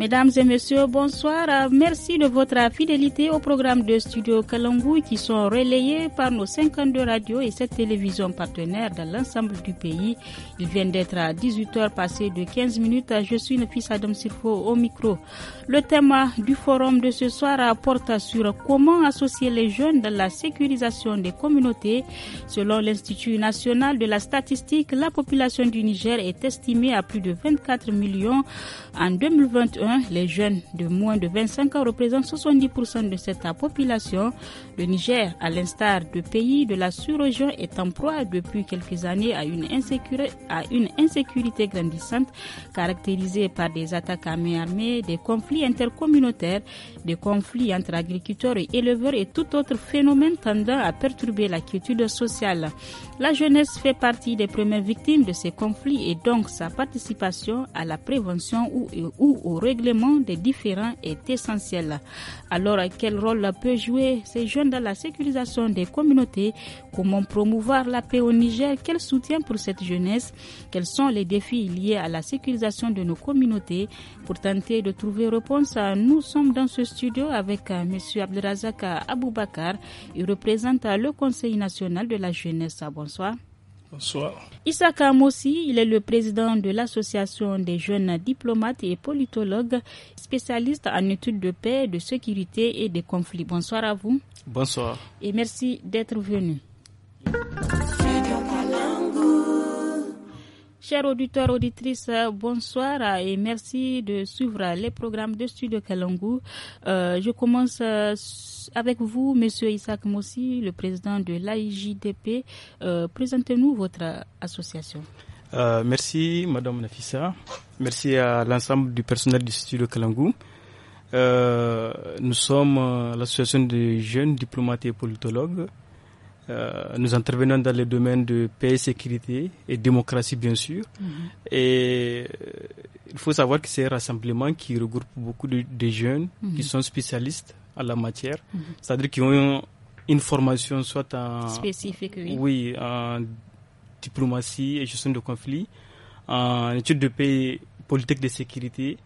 Mesdames et messieurs, bonsoir. Merci de votre fidélité au programme de Studio Kalangou qui sont relayés par nos 52 radios et 7 télévisions partenaires dans l'ensemble du pays. Il vient d'être à 18h passées de 15 minutes. Je suis fils Adam Sirfo au micro. Le thème du forum de ce soir porte sur comment associer les jeunes dans la sécurisation des communautés. Selon l'Institut national de la statistique, la population du Niger est estimée à plus de 24 millions en 2021 les jeunes de moins de 25 ans représentent 70% de cette population. Le Niger, à l'instar de pays de la sous-région, est en proie depuis quelques années à une, insécurité, à une insécurité grandissante caractérisée par des attaques armées-armées, des conflits intercommunautaires, des conflits entre agriculteurs et éleveurs et tout autre phénomène tendant à perturber la quiétude sociale. La jeunesse fait partie des premières victimes de ces conflits et donc sa participation à la prévention ou, ou au règlement monde des différents est essentiel. Alors, quel rôle peut jouer ces jeunes dans la sécurisation des communautés Comment promouvoir la paix au Niger Quel soutien pour cette jeunesse Quels sont les défis liés à la sécurisation de nos communautés Pour tenter de trouver réponse, nous sommes dans ce studio avec euh, M. Abdrazakar Aboubakar. Il représente le Conseil national de la jeunesse. Bonsoir. Bonsoir. Issa Mossi, il est le président de l'Association des jeunes diplomates et politologues, spécialiste en études de paix, de sécurité et des conflits. Bonsoir à vous. Bonsoir. Et merci d'être venu. Chers auditeurs, auditrices, euh, bonsoir euh, et merci de suivre les programmes de Studio Kalangu. Euh, je commence avec vous, Monsieur Isaac Mossi, le président de l'AIJDP. Présentez-nous votre association. merci, Madame Nafissa. Merci à l'ensemble du personnel du Studio Kalangou. nous sommes l'association des jeunes diplomates et politologues euh, nous intervenons dans les domaines de paix, sécurité et démocratie, bien sûr. Mhm. Et euh, il faut savoir que c'est un rassemblement qui regroupe beaucoup de, jeunes mhm. qui sont spécialistes à la matière, mhm. c'est-à-dire qui ont une formation soit en... Spécifique, oui. diplomatie et gestion de conflits, en études de paix, politique de sécurité,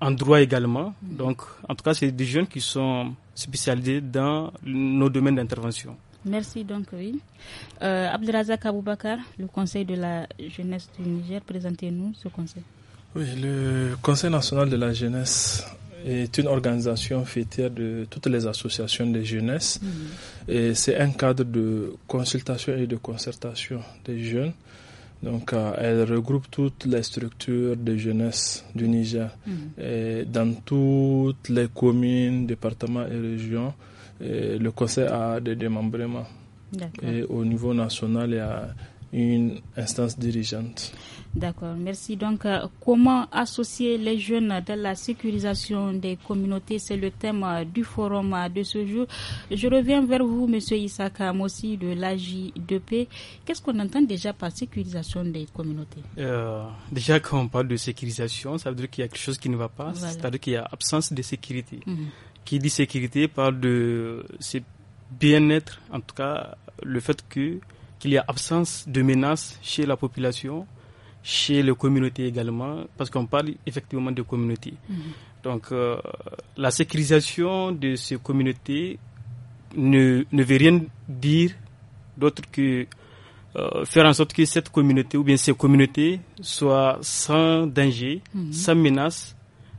en droit également. Donc, en tout cas, c'est des jeunes qui sont spécialisés dans nos domaines d'intervention. Merci donc, oui. Euh, Abdelazak Aboubakar, le Conseil de la jeunesse du Niger, présentez-nous ce conseil. Oui, le Conseil national de la jeunesse est une organisation fêtière de toutes les associations de jeunesse. Mhm. Et c'est un cadre de consultation et de concertation des jeunes donc, euh, elle regroupe toutes les structures de jeunesse du Niger mhm. dans toutes les communes, départements et régions. le conseil a des démembrements. Et au niveau national, il y a une instance dirigeante. D'accord, merci. Donc, euh, comment associer les jeunes à la sécurisation des communautés C'est le thème euh, du forum euh, de ce jour. Je reviens vers vous, Monsieur Issaka aussi de l'AJ2P. Qu'est-ce qu'on entend déjà par sécurisation des communautés Déjà, quand on parle de sécurisation, ça veut dire qu'il y a quelque chose qui ne va pas, c'est-à-dire qu'il y a absence de sécurité. Mhm. Qui dit sécurité parle de bien-être, en tout cas, le fait que qu'il y a absence de menaces chez la population, chez les communautés également, parce qu'on parle effectivement de communautés. Mhm. Donc euh, la sécurisation de ces communautés ne, ne veut rien dire d'autre que euh, faire en sorte que cette communauté ou bien ces communautés soient sans danger, mhm. sans menace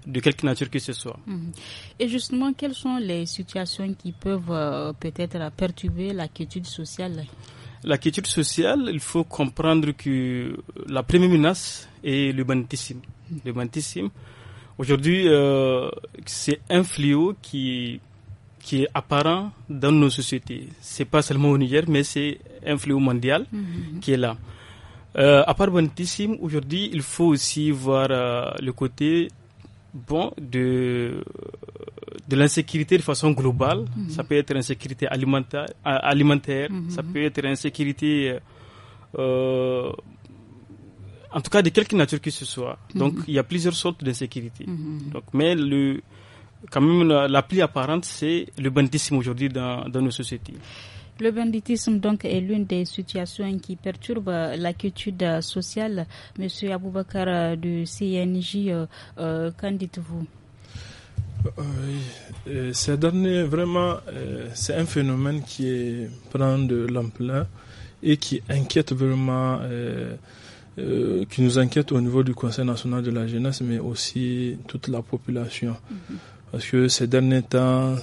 de quelque nature que ce soit. Mhm. Et justement, quelles sont les situations qui peuvent euh, peut-être perturber la quiétude sociale la quiétude sociale, il faut comprendre que la première menace est le banditisme. aujourd'hui, euh, c'est un fléau qui, qui est apparent dans nos sociétés. C'est pas seulement au Niger, mais c'est un fléau mondial mhm. qui est là. Euh, à part bonissime aujourd'hui, il faut aussi voir euh, le côté bon de de l'insécurité de façon globale. Mhm. Ça peut être insécurité alimentaire, alimentaire mhm. ça peut être insécurité, euh, en tout cas de quelque nature que ce soit. Mhm. Donc il y a plusieurs sortes d'insécurité. Donc mais le quand même la, plus apparente c'est le banditisme aujourd'hui dans, nos sociétés. Le banditisme donc est l'une des situations qui perturbe la sociale. Monsieur Aboubakar euh, du CNJ, euh, qu'en dites-vous oui. ces derniers, vraiment, euh, c'est un phénomène qui prend de l'ampleur et qui inquiète vraiment, euh, euh, qui nous inquiète au niveau du Conseil national de la jeunesse, mais aussi toute la population. Mhm. Parce que ces derniers temps,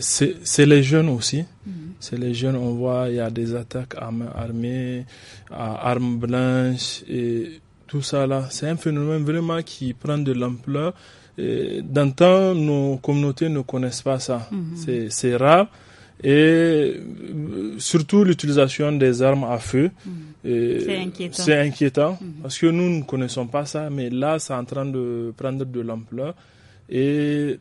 c'est les jeunes aussi. Mhm. C'est les jeunes, on voit, il y a des attaques à main armée, à armes blanches. Et tout ça là. C'est un phénomène vraiment qui prend de l'ampleur. Dans D'antan, nos communautés ne connaissent pas ça. Mhm. C'est rare. Et surtout l'utilisation des armes à feu. Mhm. C'est inquiétant. Mhm. parce que nous ne connaissons pas ça, mais là, c'est en train de prendre de l'ampleur. Et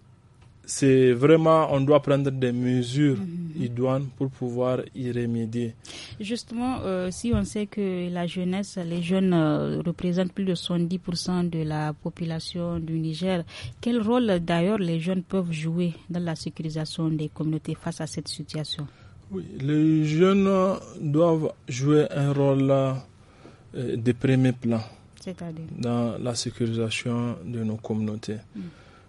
c'est vraiment, on doit prendre des mesures idoines pour pouvoir y remédier. Justement, euh, si on sait que la jeunesse, les jeunes euh, représentent plus de 70% de la population du Niger, quel rôle d'ailleurs les jeunes peuvent jouer dans la sécurisation des communautés face à cette situation les jeunes doivent jouer un rôle euh, de premier plan dans la sécurisation de nos communautés. Mm.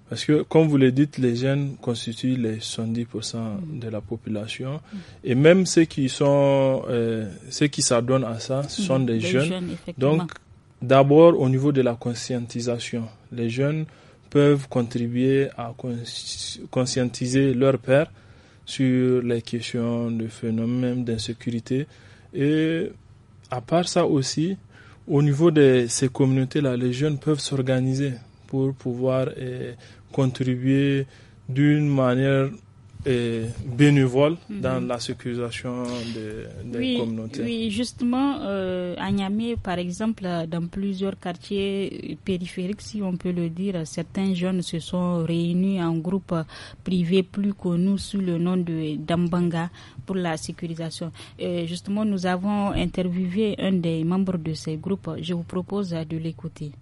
Parce que, comme vous le dites, les jeunes constituent les 70% de la population. Et même ceux qui sont, euh, ceux qui s'adonnent à ça, sont des, jeunes. Donc, d'abord, au niveau de la conscientisation, les jeunes peuvent contribuer à conscientiser leurs pères sur les questions de phénomènes d'insécurité. Et à part ça aussi, au niveau de ces communautés-là, les jeunes peuvent s'organiser pour pouvoir euh, contribuer d'une manière eh, bénévole mhm. dans la sécurisation des, communautés. Oui, justement, euh, à Niamey, par exemple, dans plusieurs quartiers périphériques, si on peut le dire, certains jeunes se sont réunis en groupe privé plus connu sous le nom de Dambanga pour la sécurisation. Euh, justement, nous avons interviewé un des membres de ces groupes. Je vous propose de l'écouter.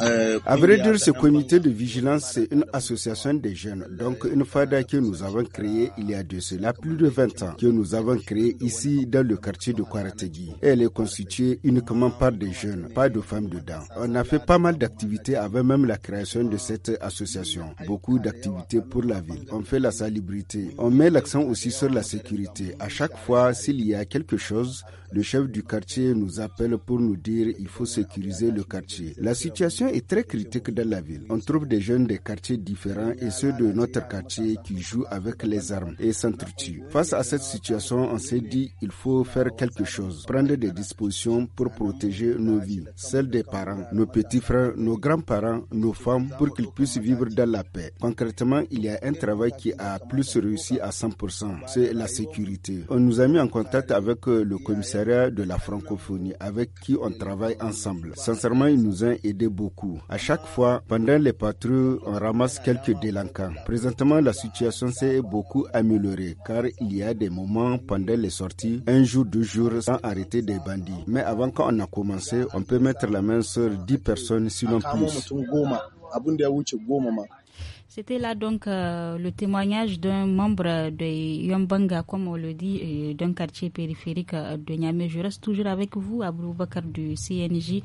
Eh, à vrai dire, ce comité de vigilance, c'est une association des jeunes. Donc, une FADA que nous avons créée il y a de cela plus de 20 ans, que nous avons créée ici dans le quartier de Kwarategi. Elle est constituée uniquement par des jeunes, pas de femmes dedans. On a fait pas mal d'activités avant même la création de cette association. Beaucoup d'activités pour la ville. On fait la salubrité. On met l'accent aussi sur la sécurité. À chaque fois, s'il y a quelque chose, le chef du quartier nous appelle pour nous dire il faut sécuriser le quartier. La situation est très critique dans la ville. On trouve des jeunes des quartiers différents et ceux de notre quartier qui jouent avec les armes et s'entretuent. Face à cette situation, on s'est dit il faut faire quelque chose, prendre des dispositions pour protéger nos vies, celles des parents, nos petits frères, nos grands-parents, nos femmes, pour qu'ils puissent vivre dans la paix. Concrètement, il y a un travail qui a plus réussi à 100%, c'est la sécurité. On nous a mis en contact avec le commissariat de la francophonie, avec qui on travaille ensemble. Sincèrement, nous ont aidé beaucoup. À chaque fois, pendant les patrouilles, on ramasse quelques délinquants. Présentement, la situation s'est beaucoup améliorée car il y a des moments pendant les sorties, un jour, deux jours, sans arrêter des bandits. Mais avant qu'on a commencé, on peut mettre la main sur 10 personnes, sinon plus. C'était là donc euh, le témoignage d'un membre de Yombanga, comme on le dit, d'un quartier périphérique euh, de Niamey. Je reste toujours avec vous, Abou Bakar du CNJ.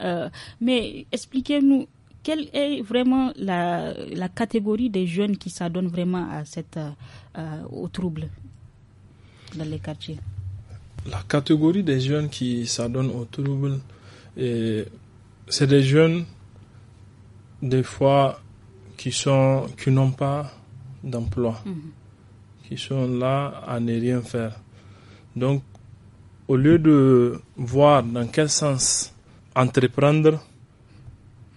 Euh, mais expliquez-nous, quelle est vraiment la, catégorie des jeunes qui s'adonnent vraiment à cette, aux troubles dans les quartiers La catégorie des jeunes qui s'adonnent aux troubles, c'est des jeunes, des fois, qui sont qui n'ont pas d'emploi, mhm. qui sont là à ne rien faire. Donc, au lieu de voir dans quel sens entreprendre,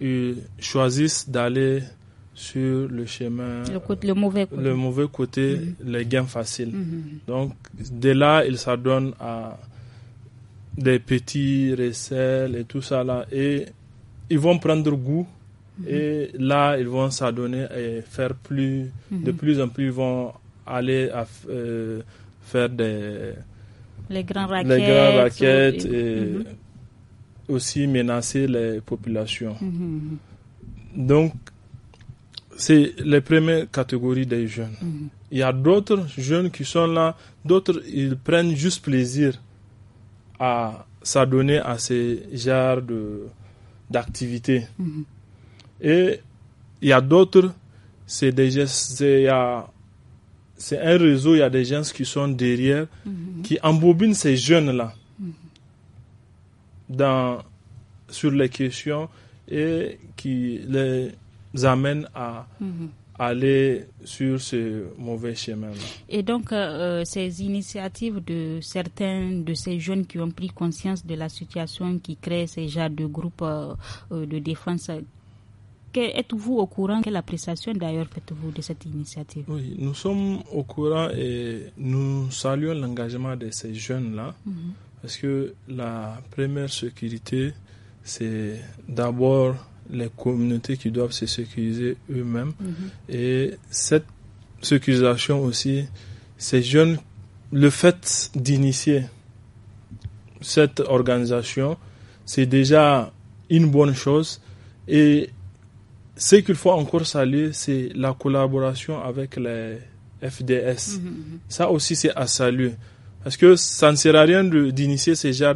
ils choisissent d'aller sur le chemin, le, mauvais côté, le mauvais côté mhm. les gains faciles. Mhm. Donc, dès là, ils s'adonnent à des petits recels et tout ça là. Et ils vont prendre goût et là, ils vont s'adonner et faire plus, de mhm. plus en plus, ils vont aller à, euh, faire des les grands raquettes, et mhm. aussi menacer les populations. Mhm, Donc, c'est les premières catégories des jeunes. Il y a d'autres jeunes qui sont là, d'autres, ils prennent juste plaisir à s'adonner à ces genres d'activités. Et il y a d'autres, c'est un réseau, il y a des gens qui sont derrière, mhm. qui embobinent ces jeunes-là mhm. sur les questions et qui les amènent à mhm. aller sur ce mauvais chemin Et donc, euh, euh, ces initiatives de certains de ces jeunes qui ont pris conscience de la situation qui créent ces genres de groupes euh, de défense, Êtes-vous au courant Quelle appréciation d'ailleurs faites-vous de cette initiative Oui, nous sommes au courant et nous saluons l'engagement de ces jeunes-là mhm. parce que la première sécurité, c'est d'abord les communautés qui doivent se sécuriser eux-mêmes mhm. et cette sécurisation aussi, ces jeunes, le fait d'initier cette organisation, c'est déjà une bonne chose et ce qu'il faut encore saluer, c'est la collaboration avec les FDS. Mhm, mhm. Ça aussi, c'est à saluer. Parce que ça ne sert à rien d'initier ces genre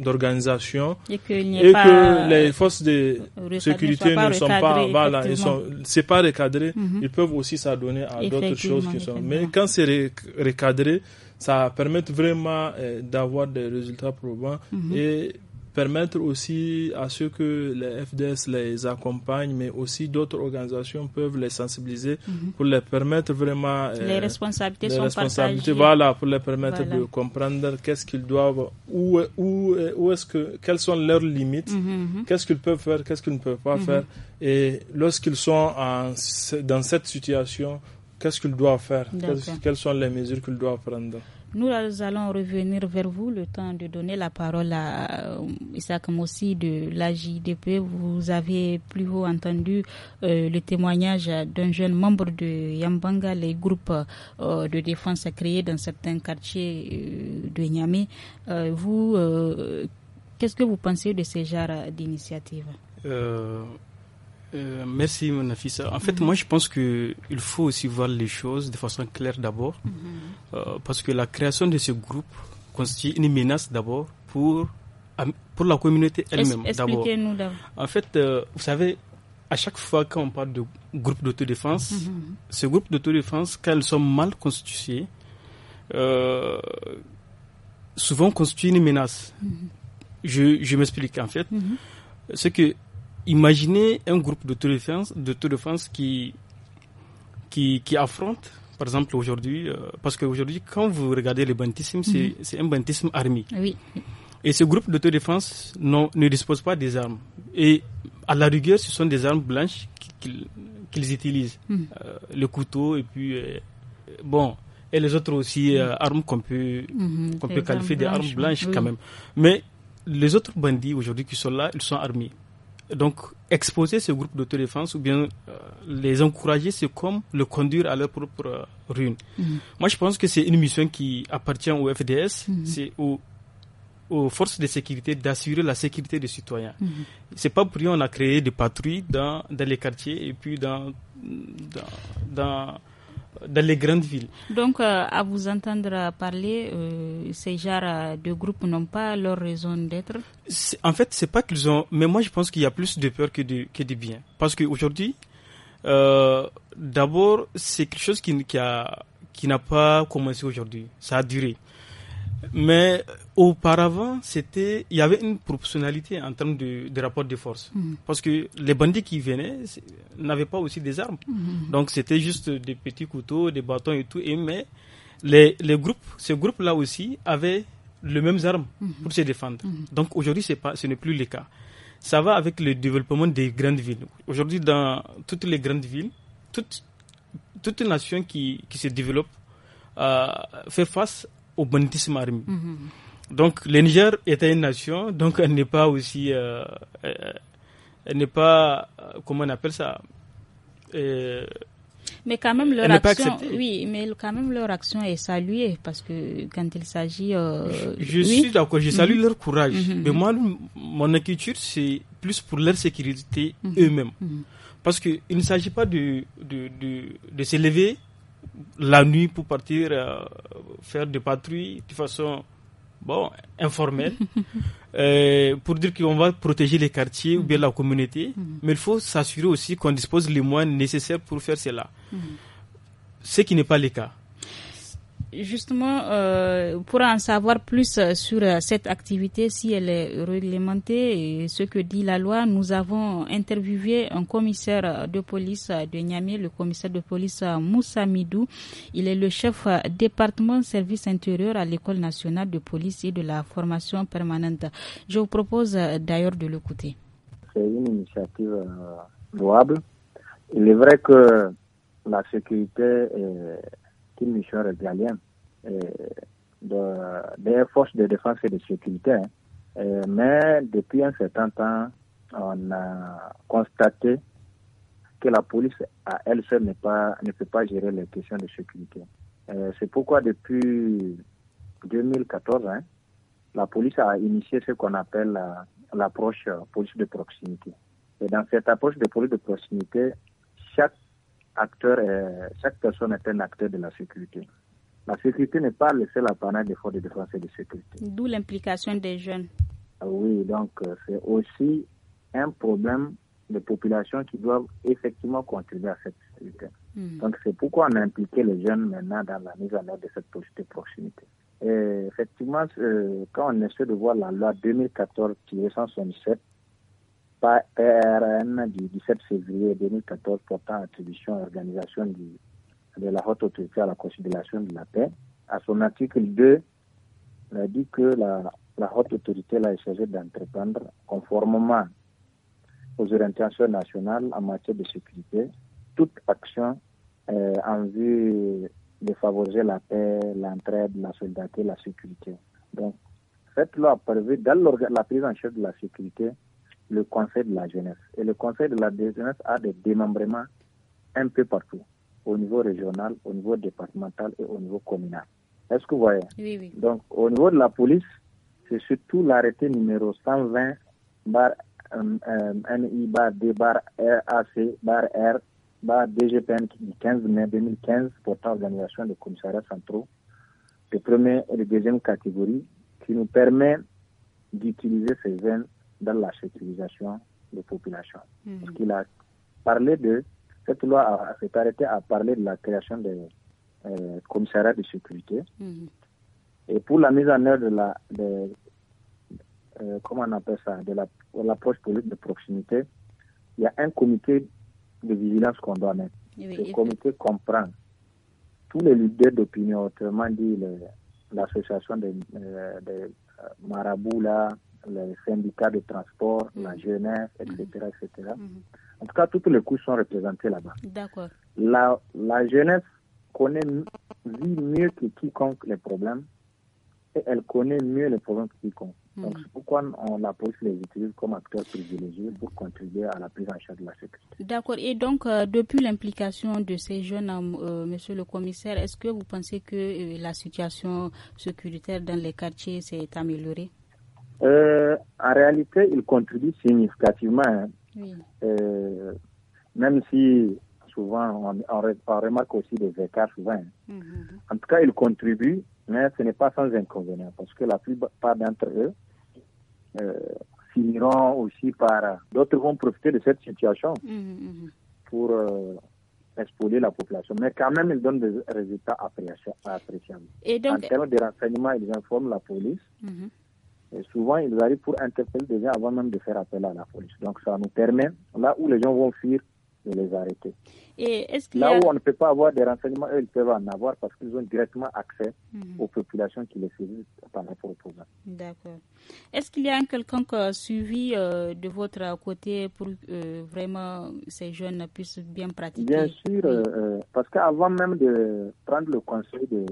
d'organisation et que, les forces de sécurité ne sont pas voilà ils sont c'est pas recadré mhm. ils peuvent aussi s'adonner à d'autres choses mais quand c'est recadré ça permet vraiment euh, d'avoir des résultats probants et permettre aussi à ceux que les FDS les accompagnent, mais aussi d'autres organisations peuvent les sensibiliser mhm. pour les permettre vraiment... les euh, responsabilités Voilà, pour les permettre de comprendre qu'est-ce qu'ils doivent, où, est-ce que, quelles sont leurs limites, mhm, mhm. qu'est-ce qu'ils peuvent faire, qu'est-ce qu'ils ne peuvent pas faire. Et lorsqu'ils sont dans cette situation, qu'est-ce qu'ils doivent faire, quelles sont les mesures qu'ils doivent prendre. Nous allons revenir vers vous le temps de donner la parole à euh, Isaac Mossi de la JDP. Vous avez plus haut entendu euh, le témoignage d'un jeune membre de Yambanga, les groupes euh, de défense créés dans certains quartiers de Niamey. vous, qu'est-ce que vous pensez de ces genres d'initiative euh, merci, mon fils. En fait, moi, je pense qu'il faut aussi voir les choses de façon claire d'abord, mhm. euh, parce que la création de ce groupe constitue une menace d'abord pour, pour la communauté elle-même. Expliquez-nous En fait, euh, vous savez, à chaque fois qu'on parle de groupe d'autodéfense, mhm. ce groupe d'autodéfense, quand ils sont mal constitués, souvent constitue une menace. Mhm. Je, je m'explique, en fait. C'est que imaginez un groupe de Tour de de qui, qui, affronte, par exemple aujourd'hui, euh, parce qu'aujourd'hui, quand vous regardez le banditisme, mhm. c'est un bantisme armé. Et ce groupe de Tour de France non, ne dispose pas des armes. Et à la rigueur, ce sont des armes blanches qu'ils utilisent. Mhm. Euh, le couteau et puis, euh, bon, et les autres aussi, mhm. armes qu'on peut, peut qualifier des armes blanches quand même. Mais les autres bandits aujourd'hui qui sont là, ils sont armés. Donc, exposer ce groupe d'autodéfense ou bien euh, les encourager, c'est comme le conduire à leur propre euh, ruine. Mhm. Moi, je pense que c'est une mission qui appartient au FDS, mhm. c'est aux forces de sécurité d'assurer la sécurité des citoyens. Mhm. C'est pas pour rien qu'on a créé des patrouilles dans, dans les quartiers et puis dans, dans, dans dans les grandes villes. Donc, euh, à vous entendre parler, euh, ces genres de groupes n'ont pas leur raison d'être En fait, c'est pas qu'ils ont. Mais moi, je pense qu'il y a plus de peur que de, que de bien. Parce qu'aujourd'hui, euh, d'abord, c'est quelque chose qui, qui, a, qui n'a pas commencé aujourd'hui. Ça a duré. Mais Auparavant, c'était, il y avait une proportionnalité en termes de, de rapport de force. Mm. Parce que les bandits qui venaient n'avaient pas aussi des armes. Mm. Donc c'était juste des petits couteaux, des bâtons et tout. Et mais les, les groupes, ce groupe là aussi avait les mêmes armes mm. pour se défendre. Donc aujourd'hui, pas, ce n'est plus le cas. Ça va avec le développement des grandes villes. Aujourd'hui, dans toutes les grandes villes, toute, nation qui, qui se développe euh, fait face au banditisme armé. Mm-hmm. Donc le Niger était une nation, donc elle n'est pas aussi, euh, euh, elle n'est pas, euh, comment on appelle ça mais quand même leur action, oui, mais quand même leur action est saluée parce que quand il s'agit, euh, je, suis d'accord, je salue mhm. leur courage, mhm. mais moi mon inquiétude c'est plus pour leur sécurité mhm. eux-mêmes, parce que il ne s'agit pas de de, de, s'élever la nuit pour partir faire des patrouilles de façon bon, informel, euh, pour dire qu'on va protéger les quartiers ou bien la communauté, mhm. mais il faut s'assurer aussi qu'on dispose les moyens nécessaires pour faire cela. Mhm. Ce qui n'est pas le cas. Justement, euh, pour en savoir plus euh, sur euh, cette activité, si elle est réglementée et ce que dit la loi, nous avons interviewé un commissaire de police de Niamey, le commissaire de police Moussa Midou. Il est le chef département service intérieur à l'école nationale de police et de la formation permanente. Je vous propose d'ailleurs de l'écouter. C'est une initiative louable. Il est vrai que la sécurité est qu'une mission régalienne de, des forces de défense et de sécurité. Hein. mais depuis un certain temps, on a constaté que la police à elle seule ne, pas, ne peut pas gérer les questions de sécurité. C'est pourquoi depuis 2014, hein, la police a initié ce qu'on appelle l'approche police de proximité. Et dans cette approche de police de proximité, chaque acteur, euh, chaque personne est un acteur de la sécurité. La sécurité n'est pas le seul appareil des forces de défense et de sécurité. D'où l'implication des jeunes. Ah oui, donc euh, c'est aussi un problème des populations qui doivent effectivement contribuer à cette sécurité. Hmm. Donc c'est pourquoi on a impliqué les jeunes maintenant dans la mise en œuvre de cette politique de proximité. effectivement, euh, quand on essaie de voir la loi 2014 167 R.N. du 17 février 2014 portant attribution organisation du, de la haute autorité à la considération de la paix, à son article 2, il a dit que la, haute autorité l'a chargée d'entreprendre conformément aux orientations nationales en matière de sécurité toute action euh, en vue de favoriser la paix, l'entraide, la solidarité, la sécurité. Donc, le loi prévue dans la prise en charge de la sécurité le Conseil de la jeunesse. Et le Conseil de la jeunesse a des démembrements un peu partout, au niveau régional, au niveau départemental et au niveau communal. Est-ce que vous voyez Donc, au niveau de la police, c'est surtout l'arrêté numéro 120 bar euh, euh, NI bar D bar RAC bar R bar DGPN du 15 mai 2015 portant organisation des commissariat centraux de premier et de deuxième catégorie qui nous permet d'utiliser ces dans la sécurisation des populations. Mhm. Parce qu'il a parlé de, cette loi s'est arrêtée à parler de la création des euh, commissariats de sécurité. Mhm. Et pour la mise en œuvre de la, euh, comment on appelle ça, de l'approche politique de proximité, il y a un comité de vigilance qu'on doit mettre. Ce comité comprend tous les leaders d'opinion, autrement dit l'association de euh, euh les syndicats de transport, la mm. jeunesse, etc. Mm. etc. Mm. En tout cas, toutes les couches sont représentés là-bas. D'accord. La, la jeunesse connaît, vit mieux que quiconque les problèmes et elle connaît mieux les problèmes que quiconque. Donc, c'est pourquoi on, la police les utilise comme acteurs privilégiés pour contribuer à la prise en charge de la sécurité. D'accord. Et donc, euh, depuis l'implication de ces jeunes, euh, euh, monsieur le commissaire, est-ce que vous pensez que la situation sécuritaire dans les quartiers s'est améliorée? Euh, en réalité, ils contribuent significativement. Hein. Euh, même si souvent on, remarque aussi des écarts souvent. Hein. Mhm, mhm. En tout cas, ils contribuent, mais ce n'est pas sans inconvénient parce que la plupart d'entre eux euh, finiront aussi par. D'autres vont profiter de cette situation mhm, pour exposer la population. Mais quand même, ils donnent des résultats appréciables. en termes de renseignements, ils informent la police souvent, ils arrivent pour interpeller des gens avant même de faire appel à la police. Donc, ça nous permet, là où les gens vont fuir, de les arrêter. Et là où on ne peut pas avoir des renseignements, eux, ils peuvent en avoir parce qu'ils ont directement accès mhm. aux populations qui les suivent par rapport au programme. D'accord. Est-ce qu'il y a qui a euh, suivi euh, de votre côté pour euh, vraiment ces jeunes puissent bien pratiquer Bien sûr, parce qu'avant même de prendre le conseil de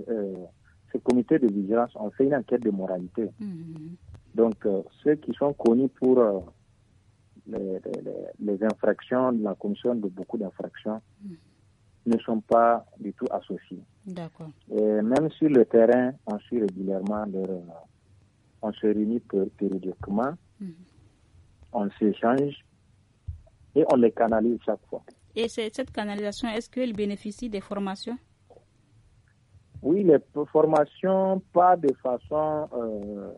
ce comité de vigilance, on fait une enquête de moralité. Mhm. Donc, euh, ceux qui sont connus pour euh, les, infractions, la commission de beaucoup d'infractions, mhm. ne sont pas du tout associés. D'accord. Et même sur le terrain, on suit régulièrement euh, on se réunit périodiquement, mhm. on s'échange et on les canalise chaque fois. Et cette canalisation, est-ce qu'elle bénéficie des formations oui, les formations, pas de façon euh,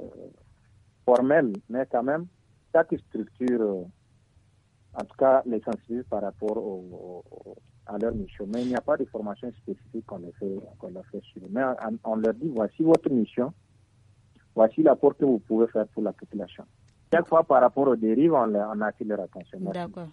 formelle, mais quand même, chaque structure, euh, en tout cas, les sensibilise par rapport à leur mission. Mais il n'y a pas de formation spécifique qu'on a fait, sur fait sur. Mais on, leur dit, voici votre mission, voici l'apport que vous pouvez faire pour la population. Chaque fois, par rapport aux dérives, on, on attire leur attention. D'accord.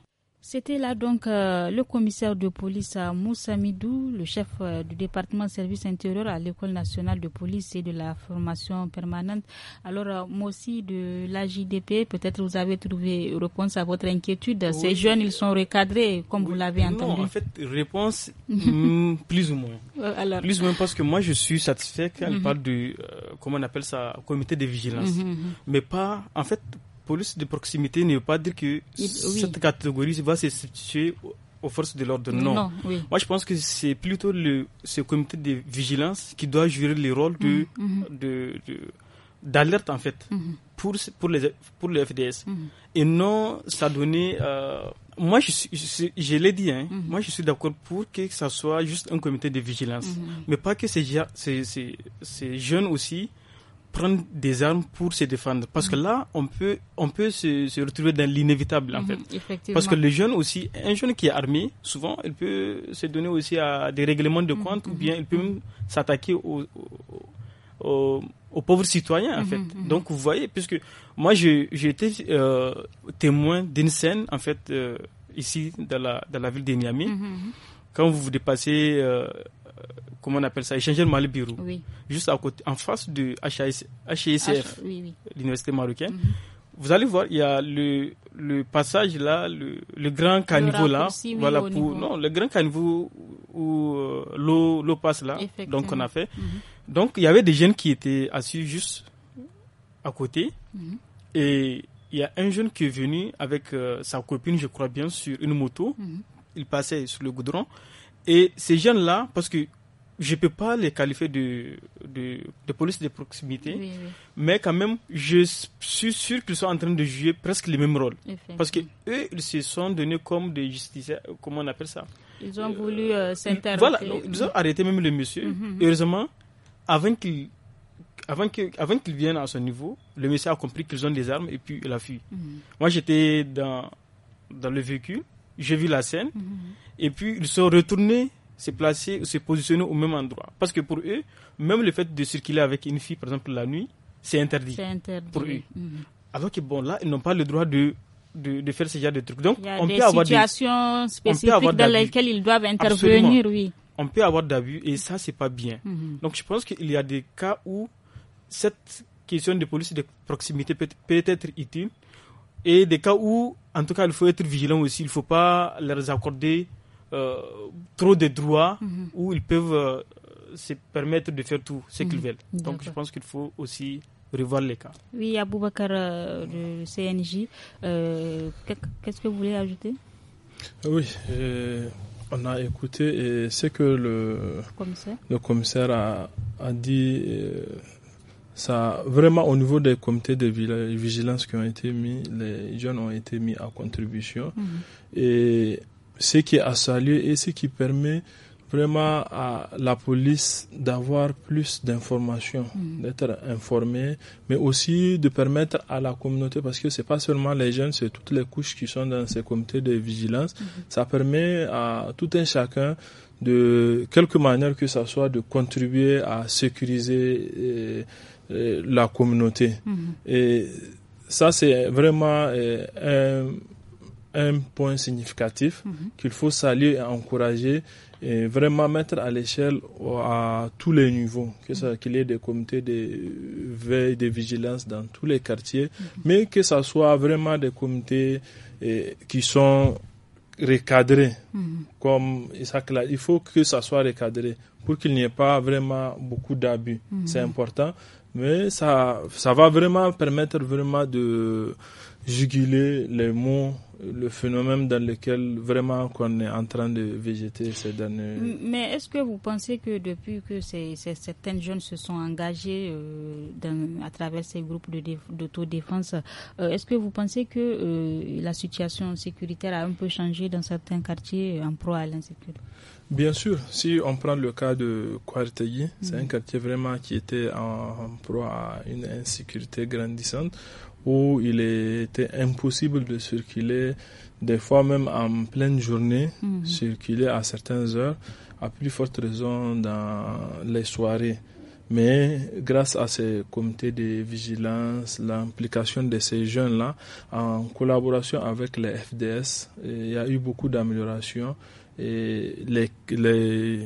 C'était là donc euh, le commissaire de police euh, Moussa Midou, le chef euh, du département service intérieur à l'école nationale de police et de la formation permanente. Alors moi aussi de l'AJDP, peut-être vous avez trouvé réponse à votre inquiétude. Ces jeunes, ils sont recadrés, comme vous l'avez entendu. Non, en fait, réponse mm, plus ou moins. Plus ou moins parce que moi je suis satisfait qu'elle mhm. parle du comment on appelle ça, comité de vigilance, mhm, mhm, mais pas en fait police de proximité ne veut pas dire que cette catégorie va se situer aux forces de l'ordre. Non. Moi, je pense que c'est plutôt le, ce comité de vigilance qui doit jouer le rôle de, mm-hmm. Mm-hmm. de, d'alerte en fait mm-hmm. pour pour les pour le FDS et non ça donnait euh, moi je l'ai dit hein. moi je suis d'accord pour que ça soit juste un comité de vigilance mais pas que ces, ces jeunes aussi prendre des armes pour se défendre. Parce que mm. là, on peut, on peut se, retrouver dans l'inévitable, en mm-hmm. fait. Parce que les jeunes aussi, un jeune qui est armé, souvent, il peut se donner aussi à des règlements de compte ou mm-hmm. bien il peut mm-hmm. même s'attaquer aux, pauvres citoyens, en fait. Donc, vous voyez, puisque moi, j'ai été euh, témoin d'une scène, en fait, euh, ici, dans la, la ville de Niamey. Quand vous vous dépassez... Euh, comment on appelle ça, échanger le oui. juste à côté, en face de HSF, l'université marocaine. Mhm. Vous allez voir, il y a le, passage là, le, grand caniveau là, voilà pour non, le grand caniveau où euh, l'eau passe là, donc on a fait. Mhm. Donc il y avait des jeunes qui étaient assis juste à côté mhm. et il y a un jeune qui est venu avec euh, sa copine, je crois bien, sur une moto. Il passait sur le goudron et ces jeunes là, parce que je ne peux pas les qualifier de, de, police de proximité, mais quand même, je suis sûr qu'ils sont en train de jouer presque les mêmes rôles. Parce que ils se sont donnés comme des justiciers, comment on appelle ça Ils ont voulu euh, Voilà, ils ont arrêté même le monsieur. Mm-hmm, mm-hmm. Heureusement, avant qu'il avant avant vienne à son niveau, le monsieur a compris qu'ils ont des armes et puis il a fui. Mm-hmm. Moi, j'étais dans, dans le véhicule, j'ai vu la scène, et puis ils sont retournés se placer, se positionner au même endroit. Parce que pour eux, même le fait de circuler avec une fille, par exemple, la nuit, c'est interdit, interdit, pour eux. Mhm. Alors que, bon, là, ils n'ont pas le droit de, de, faire ce genre de trucs. Donc, Il y a on, des peut avoir situations spécifiques dans lesquelles ils doivent intervenir, oui. On peut avoir d'abus et ça, c'est pas bien. Mhm. Donc, je pense qu'il y a des cas où cette question de police de proximité peut, peut être utile et des cas où, en tout cas, il faut être vigilant aussi. Il ne faut pas leur accorder euh, trop de droits mhm. où ils peuvent euh, se permettre de faire tout ce qu'ils mhm. veulent. Donc je pense qu'il faut aussi revoir les cas. Oui, Aboubacar du euh, CNJ, qu'est-ce que vous voulez ajouter Oui, on a écouté et c'est que le commissaire, le commissaire a, a dit. ça, vraiment au niveau des comités de vigilance qui ont été mis, les jeunes ont été mis à contribution. Mhm. Et ce qui est à saluer et ce qui permet vraiment à la police d'avoir plus d'informations, mm. d'être informée, mais aussi de permettre à la communauté, parce que c'est pas seulement les jeunes, c'est toutes les couches qui sont dans ces comités de vigilance. Mm-hmm. Ça permet à tout un chacun de quelque manière que ce soit de contribuer à sécuriser euh, euh, la communauté. Mm-hmm. Et ça, c'est vraiment euh, un un point significatif mhm. qu'il faut saluer et encourager et vraiment mettre à l'échelle à tous les niveaux, que ça mhm. qu'il y ait des comités de veille, de vigilance dans tous les quartiers, mhm. mais que ça soit vraiment des comités eh, qui sont recadrés, comme il faut que ça soit recadré pour qu'il n'y ait pas vraiment beaucoup d'abus. C'est important, mais ça, ça va vraiment permettre vraiment de juguler les mots, le phénomène dans lequel vraiment qu'on est en train de végéter ces derniers. Mais est-ce que vous pensez que depuis que ces, certaines jeunes se sont engagés euh, à travers ces groupes d'autodéfense, euh, est-ce que vous pensez que euh, la situation sécuritaire a un peu changé dans certains quartiers en proie à l'insécurité Bien sûr, si on prend le cas de quartier c'est un mm-hmm. quartier vraiment qui était en, en proie à une insécurité grandissante où il était impossible de circuler, des fois même en pleine journée, mhm. circuler à certaines heures, à plus forte raison dans les soirées. Mais grâce à ces comités de vigilance, l'implication de ces jeunes-là, en collaboration avec les FDS, il y a eu beaucoup d'améliorations et les, les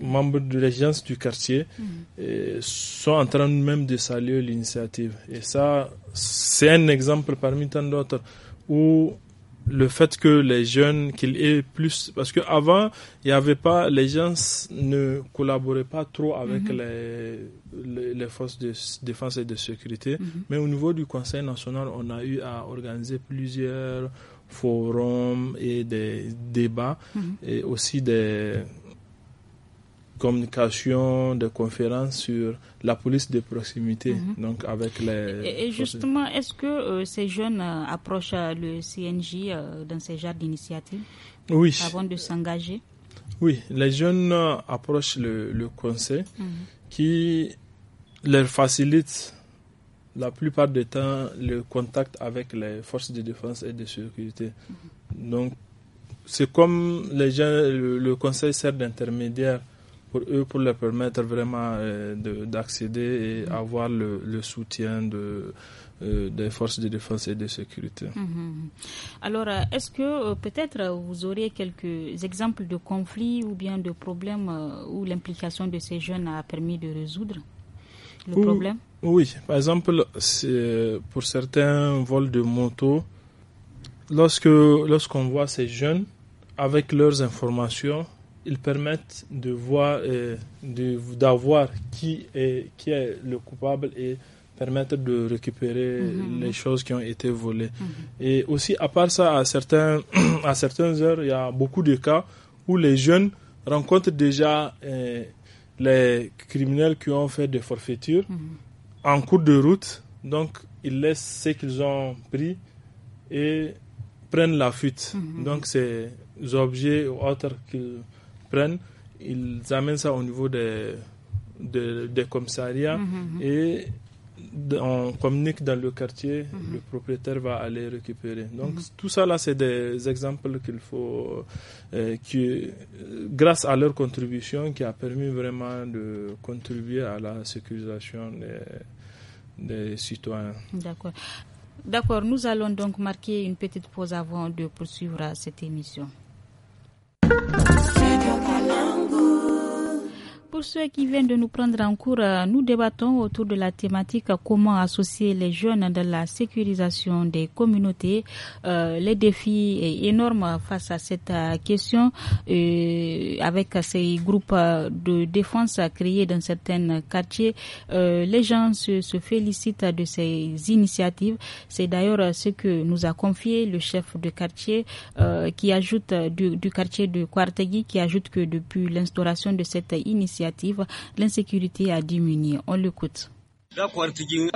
membres de l'agence du quartier mhm. sont en train même de saluer l'initiative. Et ça, c'est un exemple parmi tant d'autres où le fait que les jeunes, qu'il aient plus, parce qu'avant, il n'y avait pas, les gens ne collaboraient pas trop avec mhm. les, les, forces de défense et de sécurité. Mhm. Mais au niveau du Conseil national, on a eu à organiser plusieurs forums et des débats et aussi des, communication, des conférences sur la police de proximité. Mhm. Donc avec les et, justement, est-ce que euh, ces jeunes euh, approchent euh, le CNJ dans ces genres d'initiatives oui. avant de s'engager Oui, les jeunes approchent le, le conseil mhm. qui leur facilite la plupart du temps le contact avec les forces de défense et de sécurité. Mhm. Donc, c'est comme les gens, le, conseil sert d'intermédiaire pour eux, pour leur permettre vraiment euh, d'accéder et avoir le, le soutien de, euh, des forces de défense et de sécurité. Mhm, mhm. Alors, euh, est-ce que peut-être vous auriez quelques exemples de conflits ou bien de problèmes où l'implication de ces jeunes a permis de résoudre le problème Oui, par exemple, pour certains vols de moto, lorsque lorsqu'on voit ces jeunes avec leurs informations, ils permettent de voir, euh, d'avoir qui est, qui est le coupable et permettre de récupérer mhm. les choses qui ont été volées. Mhm. Et aussi, à part ça, à, certains, à certaines heures, il y a beaucoup de cas où les jeunes rencontrent déjà euh, les criminels qui ont fait des forfaitures mhm. en cours de route. Donc, ils laissent ce qu'ils ont pris et prennent la fuite. Donc, ces objets ou autres qu'ils prennent, ils amènent ça au niveau des, des, commissariats mhm, mhm. et on communique dans le quartier, mhm. le propriétaire va aller récupérer. Donc tout ça là, c'est des exemples qu'il faut, euh, que grâce à leur contribution, qui a permis vraiment de contribuer à la sécurisation des, des citoyens. D'accord. D'accord, nous allons donc marquer une petite pause avant de poursuivre cette émission. Pour ceux qui viennent de nous prendre en cours, euh, nous débattons autour de la thématique euh, comment associer les jeunes dans la sécurisation des communautés. Euh, les défis énormes face à cette question avec ces groupes de défense créés dans certains quartiers. les gens se, félicitent de ces initiatives. C'est d'ailleurs ce que nous a confié le chef de quartier qui ajoute du, du quartier de Quartegui qui ajoute que depuis l'instauration de cette initiative l'insécurité a diminué. On l'écoute. Il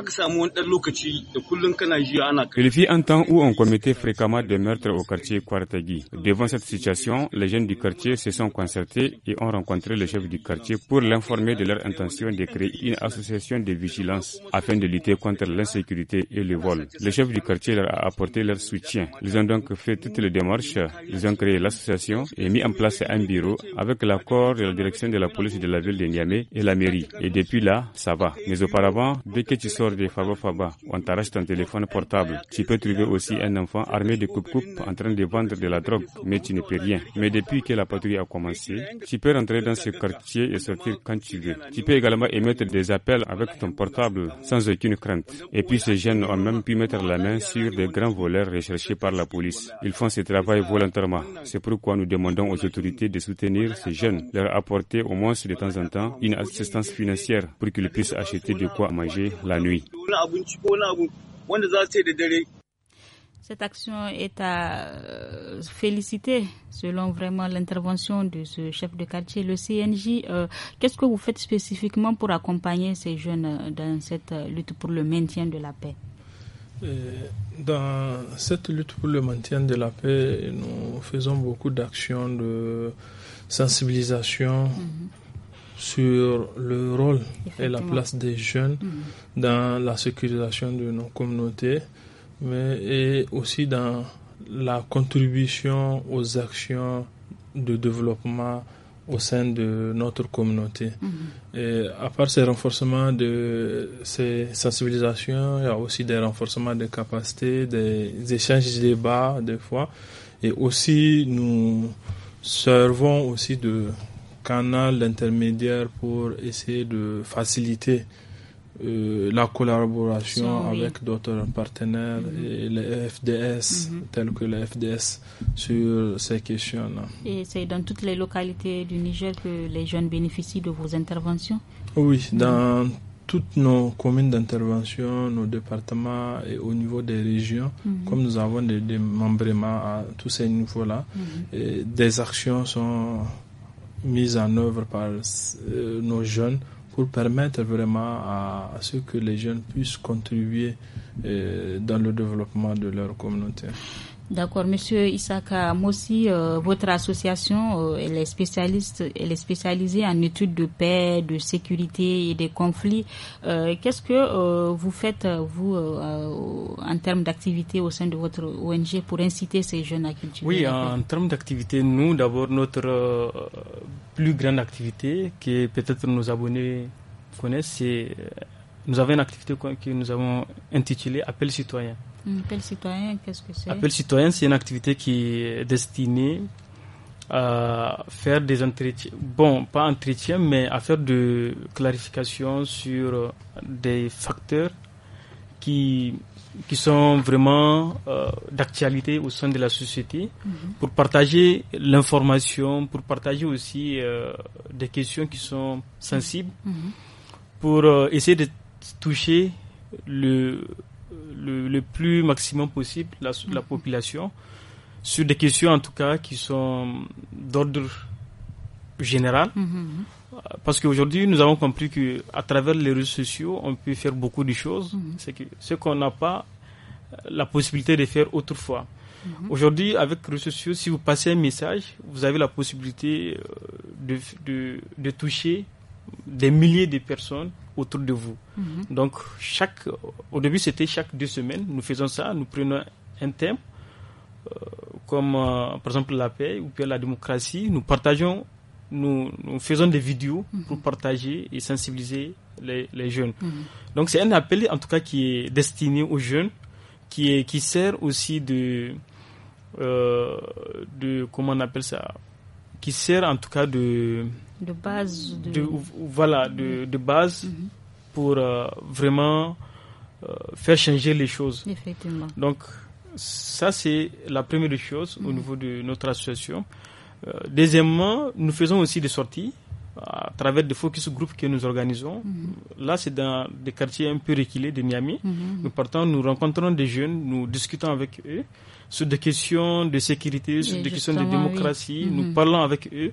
a un temps où on commettait fréquemment des meurtres au quartier Kwartagi. Devant cette situation, les jeunes du quartier se sont concertés et ont rencontré le chef du quartier pour l'informer de leur intention de créer une association de vigilance afin de lutter contre l'insécurité et le vol. Le chef du quartier leur a apporté leur soutien. Ils ont donc fait toutes les démarches. Ils ont créé l'association et mis en place un bureau avec l'accord de la direction de la police de la ville de Niamey et la mairie. Et depuis là, ça va. Mais auparavant, dès que tu sors de Faba Faba, on t'arrache ton téléphone portable. Tu peux trouver aussi un enfant armé de coupe-coupe en train de vendre de la drogue, mais tu ne peux rien. Mais depuis que la patrouille a commencé, tu peux rentrer dans ce quartier et sortir quand tu veux. Tu peux également émettre des appels avec ton portable sans aucune crainte. Et puis ces jeunes ont même pu mettre la main sur des grands voleurs recherchés par la police. Ils font ce travail volontairement. C'est pourquoi nous demandons aux autorités de soutenir ces jeunes, leur apporter au moins de temps en temps une assistance financière pour qu'ils puissent acheter de quoi manger la nuit. Cette action est à euh, féliciter selon vraiment l'intervention de ce chef de quartier, le CNJ. Euh, qu'est-ce que vous faites spécifiquement pour accompagner ces jeunes euh, dans cette lutte pour le maintien de la paix Dans cette lutte pour le maintien de la paix, nous faisons beaucoup d'actions de sensibilisation. Mhm sur le rôle et la place des jeunes mm. dans la sécurisation de nos communautés, mais et aussi dans la contribution aux actions de développement au sein de notre communauté. Mm-hmm. Et à part ces renforcements de ces sensibilisations, il y a aussi des renforcements de capacités, des échanges, débats des fois, et aussi nous servons aussi de canal intermédiaire pour essayer de faciliter euh, la collaboration avec d'autres partenaires mm-hmm. et les FDS, mm-hmm. tels que les FDS, sur ces questions-là. Et c'est dans toutes les localités du Niger que les jeunes bénéficient de vos interventions Oui, mm-hmm. dans toutes nos communes d'intervention, nos départements et au niveau des régions, comme nous avons des membres à tous ces niveaux-là, des actions sont mise en œuvre par euh, nos jeunes pour permettre vraiment à, ce que les jeunes puissent contribuer euh, dans le développement de leur communauté. D'accord, Monsieur Isaka Moi euh, votre association, euh, elle est spécialiste, est spécialisée en études de paix, de sécurité et des conflits. Euh, qu'est-ce que vous faites vous en termes d'activité au sein de votre ONG pour inciter ces jeunes à cultiver Oui, en termes d'activité, nous d'abord notre plus grande activité, que peut-être nos abonnés connaissent, c'est nous avons une activité que nous avons intitulée Appel citoyen. Mm, Appel citoyen, qu'est-ce que c'est Appel citoyen, c'est une activité qui est destinée à faire des entretiens, bon, pas entretiens, mais à faire de clarifications sur euh, des facteurs qui, qui sont vraiment euh, d'actualité au sein de la société mm-hmm. pour partager l'information, pour partager aussi euh, des questions qui sont sensibles. Mm-hmm. pour essayer de toucher le, le, plus maximum possible la, mhm. population sur des questions en tout cas qui sont d'ordre général. Mhm, mhm. Parce qu'aujourd'hui, nous avons compris que à travers les réseaux sociaux, on peut faire beaucoup de choses. C'est que ce qu'on n'a pas euh, la possibilité de faire autrefois. Aujourd'hui, avec les réseaux sociaux, si vous passez un message, vous avez la possibilité euh, de, de, de toucher des milliers de personnes autour de vous. Mhm. Donc, chaque, au début, c'était chaque deux semaines, nous faisons ça, nous prenons un thème, euh, comme euh, par exemple la paix ou bien la démocratie. Nous partageons, nous, nous faisons des vidéos mhm. pour partager et sensibiliser les, les jeunes. Mhm. Donc, c'est un appel, en tout cas, qui est destiné aux jeunes, qui, est, qui sert aussi de, euh, de, comment on appelle ça, qui sert en tout cas de de base. voilà, de, base mhm. pour euh, vraiment euh, faire changer les choses. Effectivement. Donc, ça, c'est la première chose au mhm. niveau de notre association. Euh, deuxièmement, nous faisons aussi des sorties à travers des focus groupes que nous organisons. Mhm. Là, c'est dans des quartiers un peu reculés de Niamey. Mhm. Nous partons, nous rencontrons des jeunes, nous discutons avec eux sur des questions de sécurité, sur des questions de démocratie. Mhm. Nous parlons avec eux.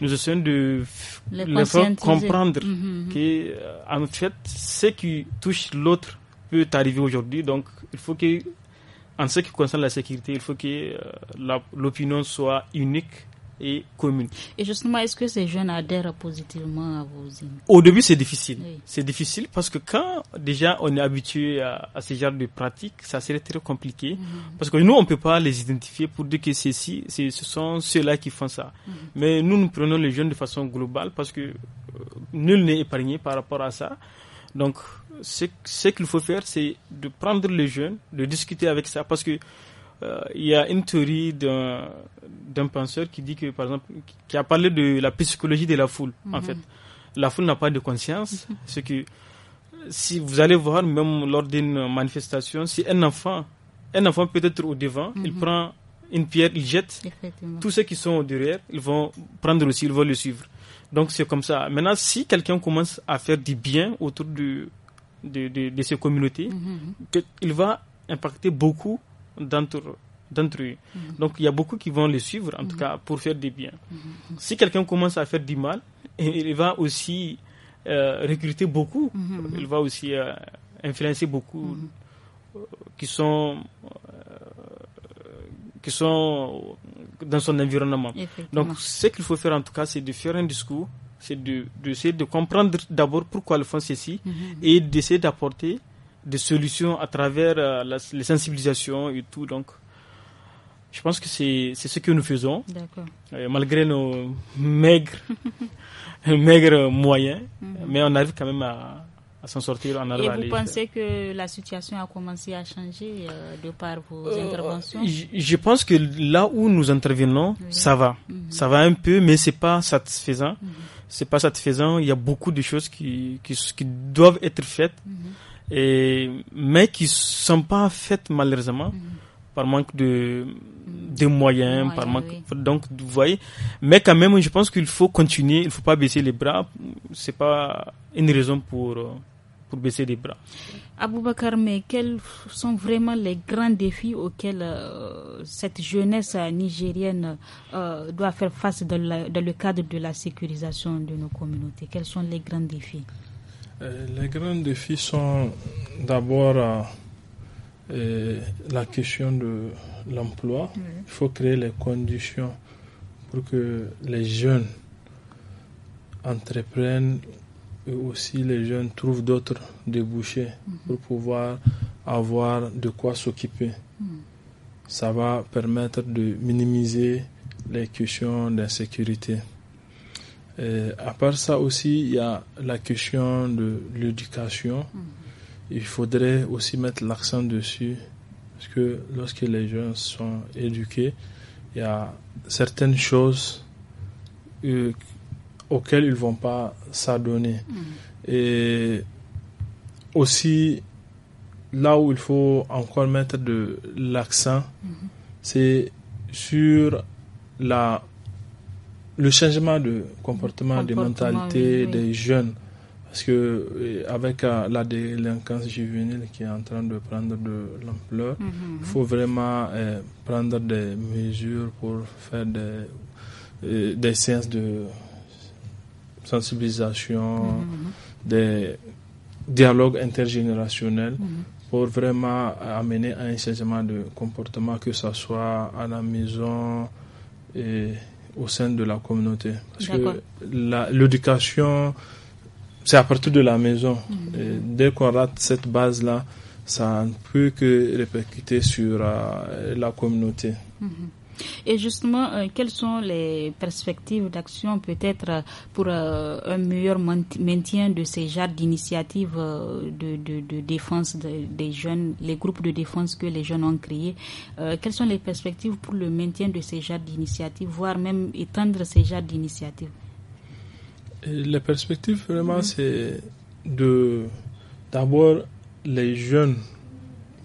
Nous essayons de les, faire comprendre que, euh, en fait, ce qui touche l'autre peut arriver aujourd'hui. Donc, il faut que, en ce qui concerne la sécurité, il faut que euh, l'opinion soit unique et commune. Et justement, est-ce que ces jeunes adhèrent positivement à vos idées? Au début, c'est difficile. C'est difficile parce que quand déjà on est habitué à, à, ce genre de pratiques, ça serait très compliqué. Mhm. Parce que nous, on ne peut pas les identifier pour dire que ceci, ce sont ceux-là qui font ça. Mhm. Mais nous, nous prenons les jeunes de façon globale parce que euh, nul n'est épargné par rapport à ça. Donc, ce, ce qu'il faut faire, c'est de prendre les jeunes, de discuter avec ça parce que euh, il y a une théorie d'un penseur qui dit que, par exemple, qui a parlé de la psychologie de la foule, en mhm. fait. La foule n'a pas de conscience, ce que si vous allez voir, même lors d'une manifestation, si un enfant, un enfant peut être au devant, il mhm. prend une pierre, il jette. Tous ceux qui sont au derrière, ils vont prendre aussi, ils vont le suivre. Donc c'est comme ça. Maintenant, si quelqu'un commence à faire du bien autour de, de, de, de ces communautés, mhm. il va impacter beaucoup d'entre eux. Mhm. Donc il y a beaucoup qui vont les suivre, en tout mhm. cas, pour faire des biens. Mhm. Si quelqu'un commence à faire du mal, il va aussi euh, recruter beaucoup, il va aussi euh, influencer beaucoup euh, qui sont... qui sont dans son environnement. Donc, ce qu'il faut faire en tout cas, c'est de faire un discours, c'est d'essayer de, de, de comprendre d'abord pourquoi ils font ceci et d'essayer d'apporter des solutions à travers euh, les sensibilisations et tout. Donc, je pense que c'est ce que nous faisons, euh, malgré nos maigres, maigres moyens, mhm. mais on arrive quand même à, s'en sortir. en arrive Et vous pensez que la situation a commencé à changer euh, de par vos interventions je, pense que là où nous intervenons, ça va, mhm. ça va un peu, mais c'est pas satisfaisant. Mhm. C'est pas satisfaisant. Il y a beaucoup de choses qui, qui, qui doivent être faites et, mais qui ne sont pas faites malheureusement mhm. par manque de, moyens, par manque, donc vous voyez. Mais quand même, je pense qu'il faut continuer, il ne faut pas baisser les bras. C'est pas une raison pour pour baisser les bras. Bakar, mais quels sont vraiment les grands défis auxquels euh, cette jeunesse nigérienne euh, doit faire face dans le cadre de la sécurisation de nos communautés Quels sont les grands défis euh, les grands défis sont d'abord euh, euh, la question de l'emploi. Il faut créer les conditions pour que les jeunes entreprennent et aussi les jeunes trouvent d'autres débouchés mhm. pour pouvoir avoir de quoi s'occuper. Mhm. Ça va permettre de minimiser les questions d'insécurité. Euh, à part ça aussi, il y a la question de l'éducation. Mm-hmm. Il faudrait aussi mettre l'accent dessus. Parce que lorsque les jeunes sont éduqués, il y a certaines choses euh, auxquelles ils ne vont pas s'adonner. Mm-hmm. Et aussi, là où il faut encore mettre de l'accent, mm-hmm. c'est sur la le changement de comportement, de mentalité des jeunes. Parce que euh, avec euh, la délinquance juvénile qui est en train de prendre de l'ampleur, mhm, mhm. il faut vraiment euh, prendre des mesures pour faire des, séances de sensibilisation, mhm, des dialogues intergénérationnels pour vraiment amener un changement de comportement, que ce soit à la maison et au sein de la communauté. Parce que l'éducation, c'est à partir de la maison. Mhm. dès qu'on rate cette base-là, ça ne peut que répercuter sur euh, la communauté. Mhm. Et justement, euh, quelles sont les perspectives d'action peut-être pour euh, un meilleur maintien de ces genres d'initiatives euh, de, défense des, jeunes, les groupes de défense que les jeunes ont créés Quelles sont les perspectives pour le maintien de ces genres d'initiatives, voire même étendre ces genres d'initiatives Les perspectives vraiment, mm-hmm. c'est de d'abord les jeunes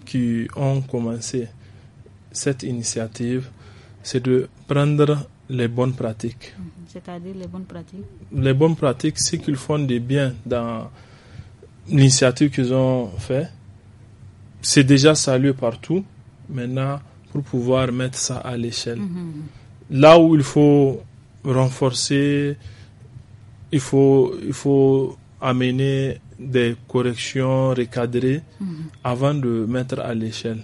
qui ont commencé cette initiative c'est de prendre les bonnes pratiques. Mhm. C'est-à-dire les bonnes pratiques Les bonnes pratiques, c'est qu'ils font des biens dans l'initiative qu'ils ont fait. C'est déjà salué partout. Maintenant, pour pouvoir mettre ça à l'échelle. Mhm. Là où il faut renforcer, il faut, il faut amener des corrections, recadrer, mhm. avant de mettre à l'échelle.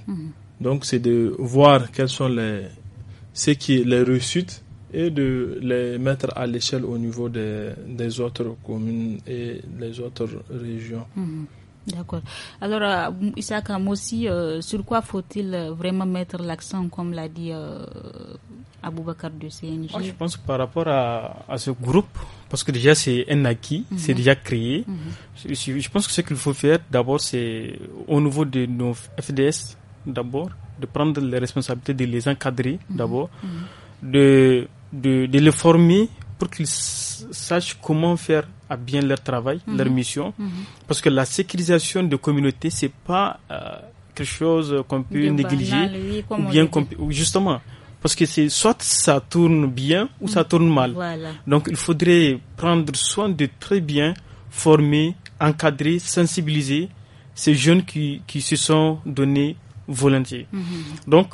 Donc, c'est de voir quels sont les ce qui les réussites et de les mettre à l'échelle au niveau des, des, autres communes et les autres régions. Mhm. D'accord. Alors, euh, Kamossi euh, sur quoi faut-il euh, vraiment mettre l'accent, comme l'a dit euh, de CNG Je pense par rapport à, à, ce groupe, parce que déjà c'est un acquis, mhm. c'est déjà créé. Mhm. je, pense que ce qu'il faut faire d'abord, c'est au niveau de nos FDS, d'abord, de prendre les responsabilités, de les encadrer mm-hmm. d'abord, mm-hmm. de, de, de les former pour qu'ils sachent comment faire à bien leur travail, mm-hmm. leur mission. Parce que la sécurisation de communautés, c'est pas euh, quelque chose qu'on peut négliger bien justement. Parce que c'est soit ça tourne bien ou ça tourne mal. Donc il faudrait prendre soin de très bien former, encadrer, sensibiliser ces jeunes qui, qui se sont donnés volontiers. Mm-hmm. Donc,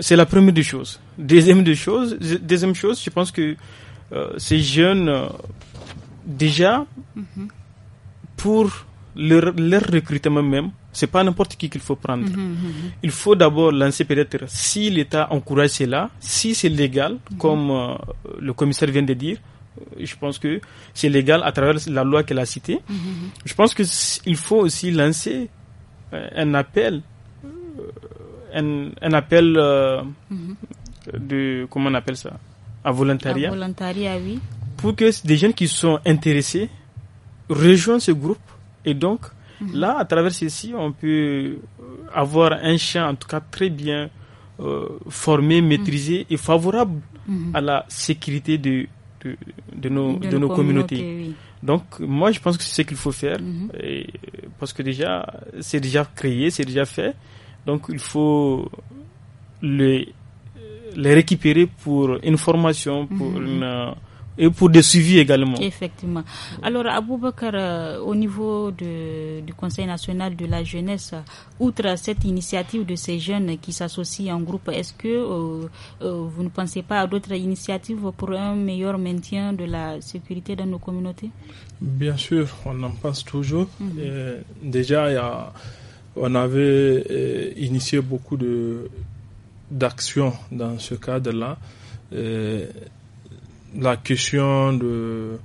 c'est la première des choses. Deuxième, des choses, deuxième chose, je pense que euh, ces jeunes, euh, déjà, mm-hmm. pour leur, recrutement même, c'est pas n'importe qui qu'il faut prendre. Mm-hmm, il faut d'abord lancer peut-être, si l'État encourage cela, si c'est légal, comme euh, le commissaire vient de dire, je pense que c'est légal à travers la loi qu'elle a citée. Je pense qu'il faut aussi lancer un appel euh, un, appel euh, mm-hmm. de. Comment on appelle ça À volontariat. Pour que des jeunes qui sont intéressés rejoignent ce groupe. Et donc, mm-hmm. là, à travers ceci, on peut euh, avoir un champ, en tout cas, très bien formé, mm-hmm. maîtrisé et favorable à la sécurité de, de, nos, de, nos, communautés. Donc, moi, je pense que c'est ce qu'il faut faire, et, parce que déjà, c'est déjà créé, c'est déjà fait. Donc il faut les, les récupérer pour une formation, pour mhm. euh, et pour des suivis également. Effectivement. Alors, Aboubakar, Bakar, euh, au niveau du Conseil national de la jeunesse, outre cette initiative de ces jeunes qui s'associent en groupe, est-ce que euh, vous ne pensez pas à d'autres initiatives pour un meilleur maintien de la sécurité dans nos communautés Bien sûr, on en pense toujours. Mhm. déjà, il y a on avait euh, initié beaucoup d'actions dans ce cadre-là. Euh, la question de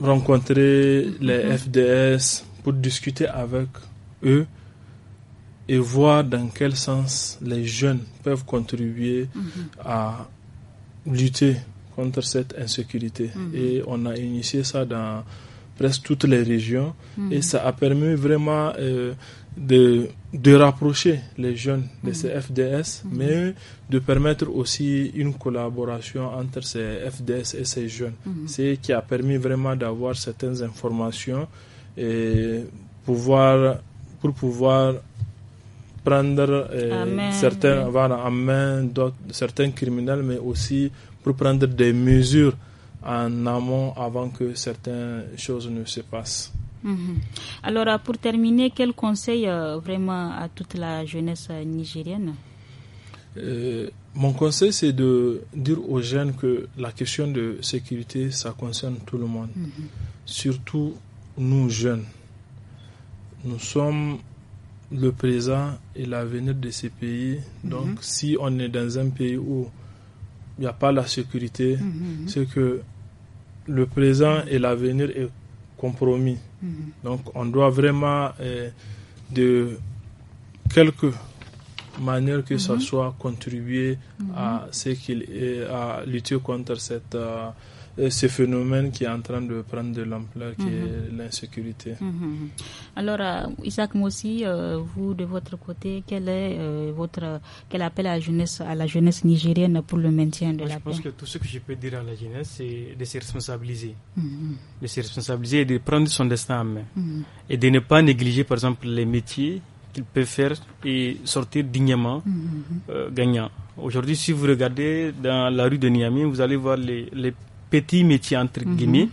rencontrer les mm-hmm. FDS pour discuter avec eux et voir dans quel sens les jeunes peuvent contribuer mm-hmm. à lutter contre cette insécurité. Mm-hmm. Et on a initié ça dans presque toutes les régions et ça a permis vraiment euh, de, rapprocher les jeunes de ces mm-hmm. FDS, mm-hmm. mais de permettre aussi une collaboration entre ces FDS et ces jeunes. C'est mm-hmm. ce qui a permis vraiment d'avoir certaines informations et pouvoir, pour pouvoir prendre certains, euh, en main certains criminels, mais aussi pour prendre des mesures en amont avant que certaines choses ne se passent. Mhm. Alors, euh, pour terminer, quel conseil euh, vraiment à toute la jeunesse euh, nigérienne Mon conseil, c'est de dire aux jeunes que la question de sécurité, ça concerne tout le monde. Mhm. Surtout nous jeunes. Nous sommes le présent et l'avenir de ces pays. Mhm. Donc, si on est dans un pays où il n'y a pas la sécurité, c'est que le présent et l'avenir est compromis. Donc on doit vraiment, euh, de quelque manière que ça mhm. soit, contribuer à, ce qu'il à lutter contre cette... Euh, euh, ce phénomène qui est en train de prendre de l'ampleur, qui est mhm. l'insécurité. Mhm, mhm. Alors, euh, Isaac Mossi, euh, vous de votre côté, quel est votre quel appel à la jeunesse, à la jeunesse nigérienne pour le maintien de la paix Je pense que tout ce que je peux dire à la jeunesse, c'est de se responsabiliser, de se responsabiliser et de prendre son destin en main, et de ne pas négliger, par exemple, les métiers qu'il peut faire et sortir dignement gagnant. Aujourd'hui, si vous regardez dans la rue de Niamey, vous allez voir les petits métiers, entre mhm. guillemets,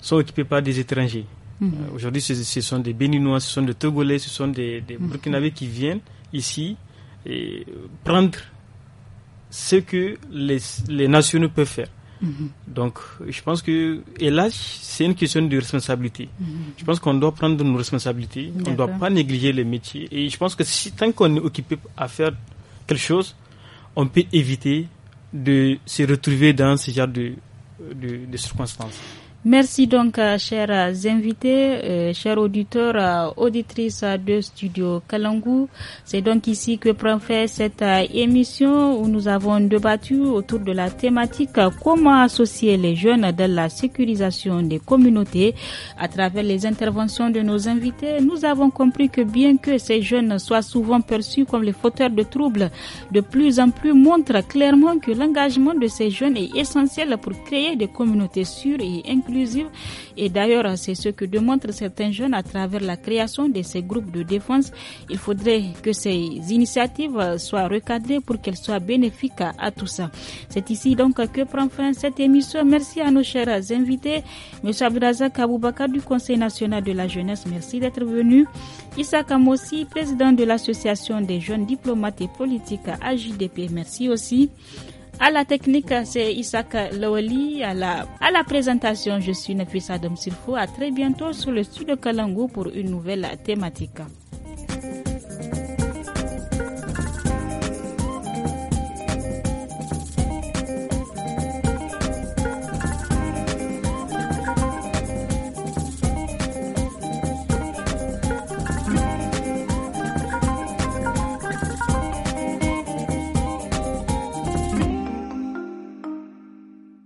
sont occupés par des étrangers. Mhm. Euh, aujourd'hui, ce, sont des Béninois, ce sont des Togolais, ce sont des, des mhm. Burkinabés qui viennent ici et prendre ce que les, les nationaux peuvent faire. Donc, je pense que, et là, c'est une question de responsabilité. Je pense qu'on doit prendre nos responsabilités, on ne doit pas négliger les métiers. Et je pense que si, tant qu'on est occupé à faire quelque chose, on peut éviter de se retrouver dans ce genre de, euh, des circonstances. Merci donc, euh, chers euh, invités, euh, chers auditeurs, auditrices de Studio Kalangu. C'est donc ici que prend fait cette émission où nous avons débattu autour de la thématique comment associer les jeunes dans la sécurisation des communautés. À travers les interventions de nos invités, nous avons compris que bien que ces jeunes soient souvent perçus comme les fauteurs de troubles, de plus en plus montrent clairement que l'engagement de ces jeunes est essentiel pour créer des communautés sûres et inclusives inclusive. Et d'ailleurs, c'est ce que démontrent certains jeunes à travers la création de ces groupes de défense. Il faudrait que ces initiatives soient recadrées pour qu'elles soient bénéfiques à, tout ça. C'est ici donc que prend fin cette émission. Merci à nos chers invités. Monsieur Abdrazak Aboubaka du Conseil national de la jeunesse, merci d'être venu. Issa Kamossi, président de l'Association des jeunes diplomates et politiques à AJDP, merci aussi. À la technique, c'est Isaac Lawali. À la, à la présentation, je suis Nafisa Adam Silfo. À très bientôt sur le studio Kalango pour une nouvelle thématique.